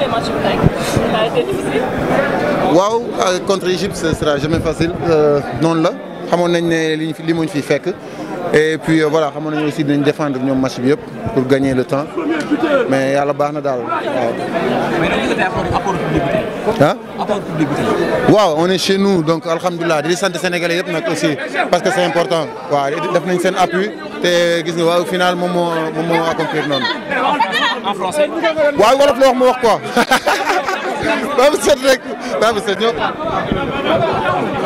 les matchs Ça a été difficile waaw euh, contre l'Égypte ce sera jamais facile euh, noonu la xamoon nañ ne li ñu fi li muñ fi fekk et puis euh, voilà xamoon nañu aussi dinañ défendre ñoom match bi yëpp pour gagner le temps mais yàlla baax na daal waaw. ah. waaw on est chez nous donc alhamdulilah di sant Sénégalais yëpp nag aussi parce que c'est important waaw def nañ seen appui te gis nga waaw final moom moo moom moo accomplir noonu. en français. waaw wolof la wax ma wax quoi. baabu set rek baabu set ñëpp.